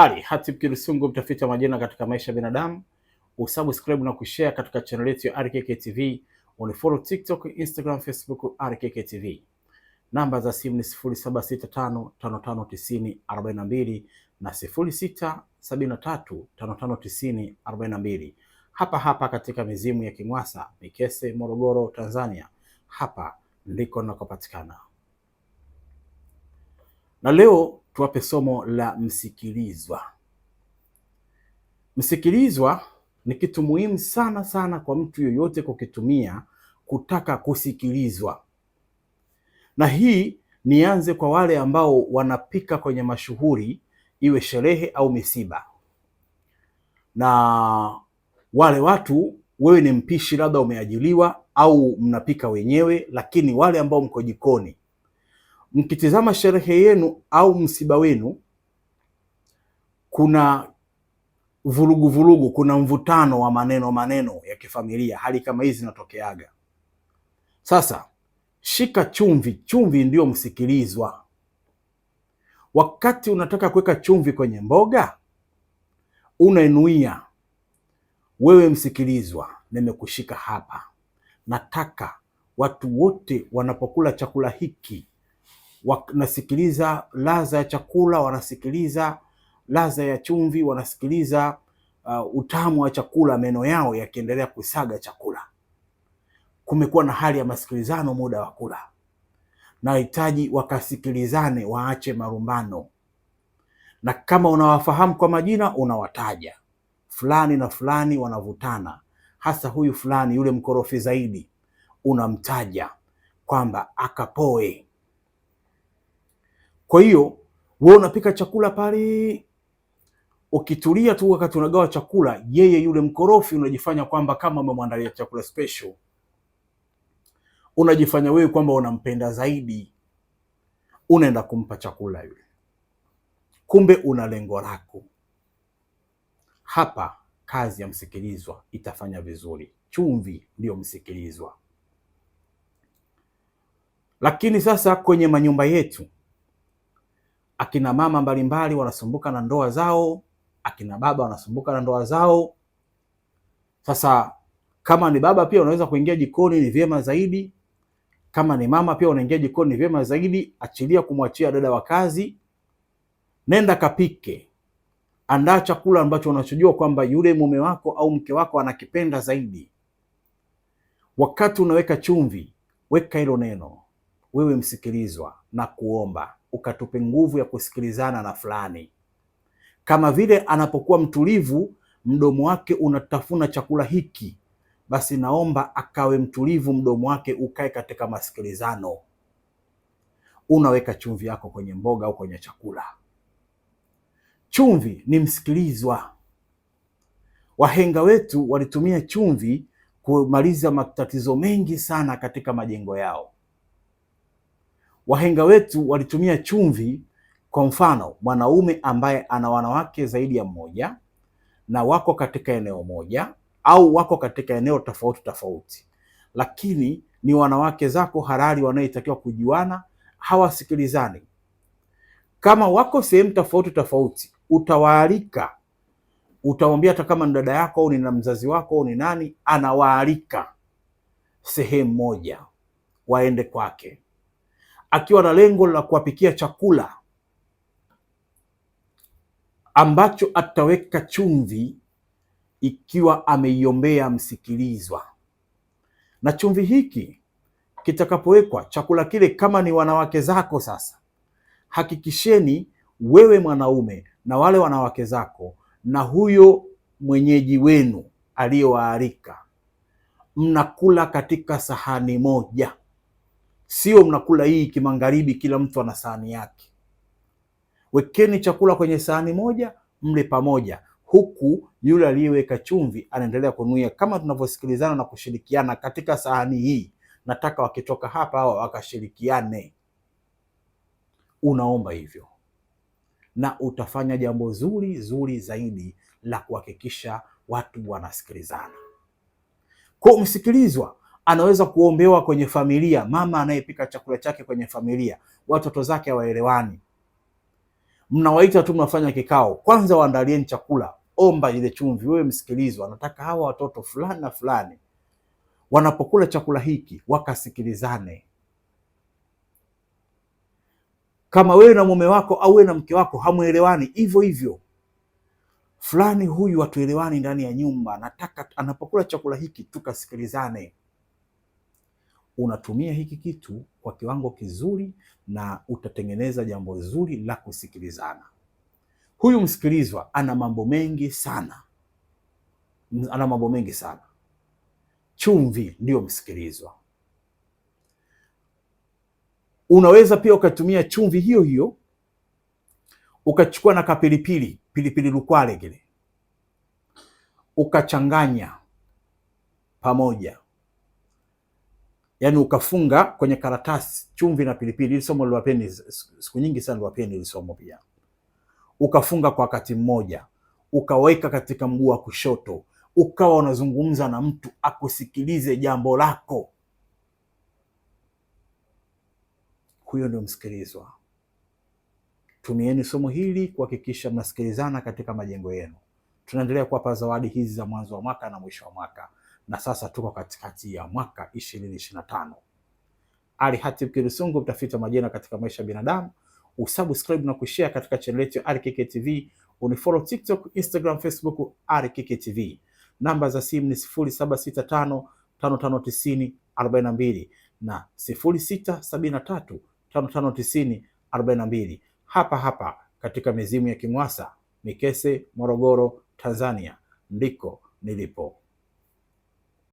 Ali Hatib Kilisungu, mtafiti wa majina katika maisha ya binadamu. Usubscribe na kushare katika channel yetu ya RKK TV. Unifollow TikTok, Instagram, Facebook RKK TV. Namba za simu ni 0665559042 na 0673559042. Hapa hapa katika mizimu ya kimwasa Mikese, Morogoro, Tanzania. Hapa ndiko nakopatikana. Na leo tuwape somo la msikilizwa. Msikilizwa ni kitu muhimu sana sana kwa mtu yoyote kukitumia kutaka kusikilizwa. Na hii nianze kwa wale ambao wanapika kwenye mashuhuri, iwe sherehe au misiba. Na wale watu, wewe ni mpishi, labda umeajiriwa au mnapika wenyewe, lakini wale ambao mko jikoni mkitizama sherehe yenu au msiba wenu, kuna vurugu vurugu, kuna mvutano wa maneno maneno ya kifamilia. Hali kama hizi zinatokeaga. Sasa shika chumvi, chumvi ndiyo msikilizwa. Wakati unataka kuweka chumvi kwenye mboga, unainuia wewe, msikilizwa, nimekushika hapa. Nataka watu wote wanapokula chakula hiki wanasikiliza ladha ya chakula, wanasikiliza ladha ya chumvi, wanasikiliza uh, utamu wa chakula, meno yao yakiendelea kusaga chakula. Kumekuwa na hali ya masikilizano muda wa kula. Nahitaji wakasikilizane, waache marumbano, na kama unawafahamu kwa majina unawataja fulani na fulani, wanavutana hasa huyu fulani, yule mkorofi zaidi, unamtaja kwamba akapoe kwa hiyo wewe unapika chakula pale, ukitulia tu wakati unagawa chakula, yeye yule mkorofi unajifanya kwamba kama umemwandalia chakula special, unajifanya wewe kwamba unampenda zaidi, unaenda kumpa chakula yule, kumbe una lengo lako hapa. Kazi ya msikilizwa itafanya vizuri. Chumvi ndiyo msikilizwa, lakini sasa kwenye manyumba yetu akina mama mbalimbali wanasumbuka na ndoa zao, akina baba wanasumbuka na ndoa zao. Sasa kama ni baba pia unaweza kuingia jikoni, ni vyema zaidi. Kama ni mama pia unaingia jikoni, ni vyema zaidi. Achilia kumwachia dada wa kazi, nenda kapike, andaa chakula ambacho unachojua kwamba yule mume wako au mke wako anakipenda zaidi. Wakati unaweka chumvi, weka hilo neno, wewe msikilizwa na kuomba ukatupe nguvu ya kusikilizana na fulani. Kama vile anapokuwa mtulivu, mdomo wake unatafuna chakula hiki, basi naomba akawe mtulivu, mdomo wake ukae katika masikilizano. Unaweka chumvi yako kwenye mboga au kwenye chakula. Chumvi ni msikilizwa. Wahenga wetu walitumia chumvi kumaliza matatizo mengi sana katika majengo yao. Wahenga wetu walitumia chumvi. Kwa mfano, mwanaume ambaye ana wanawake zaidi ya mmoja na wako katika eneo moja au wako katika eneo tofauti tofauti, lakini ni wanawake zako halali wanaotakiwa kujuana, hawasikilizani. Kama wako sehemu tofauti tofauti, utawaalika, utamwambia hata kama ni dada yako au ni na mzazi wako au ni nani, anawaalika sehemu moja waende kwake akiwa na lengo la kuwapikia chakula ambacho ataweka chumvi ikiwa ameiombea msikilizwa. Na chumvi hiki kitakapowekwa chakula kile, kama ni wanawake zako, sasa hakikisheni wewe mwanaume na wale wanawake zako na huyo mwenyeji wenu aliyowaalika mnakula katika sahani moja sio mnakula hii kimagharibi, kila mtu ana sahani yake. Wekeni chakula kwenye sahani moja, mle pamoja, huku yule aliyeweka chumvi anaendelea kunuia, kama tunavyosikilizana na kushirikiana katika sahani hii. Nataka wakitoka hapa hawa wakashirikiane. Unaomba hivyo na utafanya jambo zuri zuri zaidi la kuhakikisha watu wanasikilizana. Kwa msikilizwa anaweza kuombewa kwenye familia, mama anayepika chakula chake kwenye familia, watoto zake hawaelewani, mnawaita tu, mnafanya kikao, kwanza waandalieni chakula, omba ile chumvi, wewe msikilizwa, anataka hawa watoto fulani na fulani wanapokula chakula hiki wakasikilizane. Kama wewe na mume wako au wewe na mke wako hamwelewani, hivyo hivyo fulani huyu hatuelewani ndani ya nyumba, nataka anapokula chakula hiki tukasikilizane unatumia hiki kitu kwa kiwango kizuri na utatengeneza jambo zuri la kusikilizana. Huyu msikilizwa ana mambo mengi sana, ana mambo mengi sana. Chumvi ndiyo msikilizwa. Unaweza pia ukatumia chumvi hiyo hiyo ukachukua na kapilipili, pilipili lukwale kile ukachanganya pamoja yani ukafunga kwenye karatasi chumvi na pilipili. Ili somo liwapeni siku nyingi sana, liwapeni ili somo pia, ukafunga kwa wakati mmoja, ukaweka katika mguu wa kushoto, ukawa unazungumza na mtu akusikilize jambo lako. Huyo ndio msikilizwa. Tumieni somo hili kuhakikisha mnasikilizana katika majengo yenu. Tunaendelea kuwapa zawadi hizi za mwanzo wa mwaka na mwisho wa mwaka na sasa tuko katikati ya mwaka 2025. Ali Hatib Kirusungu, mtafiti wa majina katika maisha ya binadamu. Usubscribe na kushare katika channel yetu Ali Kike TV, unifollow TikTok, Instagram, Facebook Ali Kike TV. Namba za simu ni 0765 5590 42 na 0673 5590 42 hapa hapa katika mizimu ya Kimwasa, Mikese, Morogoro, Tanzania ndiko nilipo.